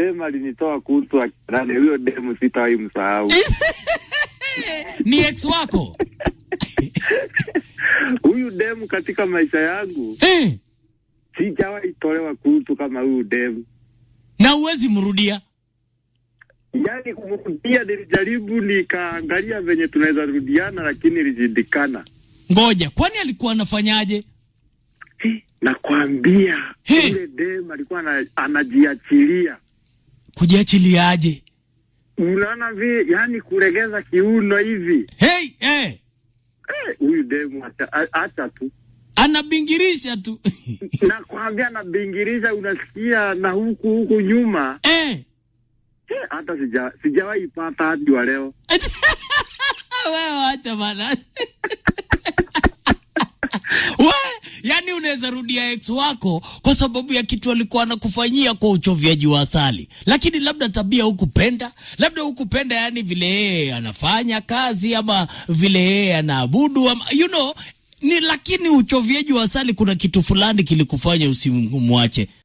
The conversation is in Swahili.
demu alinitoa kutu wa Huyo demu sitawahi msahau. ni ex wako huyu demu katika maisha yangu hey. Sijawahi tolewa kutu kama huyu demu, na huwezi mrudia Yani kumrudia nilijaribu, nikaangalia venye tunaweza rudiana, lakini ilishindikana. Ngoja, kwani alikuwa anafanyaje? Nakwambia yule dem alikuwa anajiachilia, kujiachiliaje? Unaona vi, yani kuregeza kiuno hivi. Hey, hey. Eh, huyu demu hata tu anabingirisha tu nakwambia, anabingirisha, unasikia na huku huku nyuma hey. Eh. Eh, hata sija sijawahi pata hadi wa leo. Wewe acha bana. anaweza rudia ex wako kwa sababu ya kitu alikuwa anakufanyia kwa uchoviaji wa asali, lakini labda tabia hukupenda, labda hukupenda yani vile yeye anafanya kazi ama vile yeye anaabudu ama you know, ni lakini uchoviaji wa asali kuna kitu fulani kilikufanya usimwache.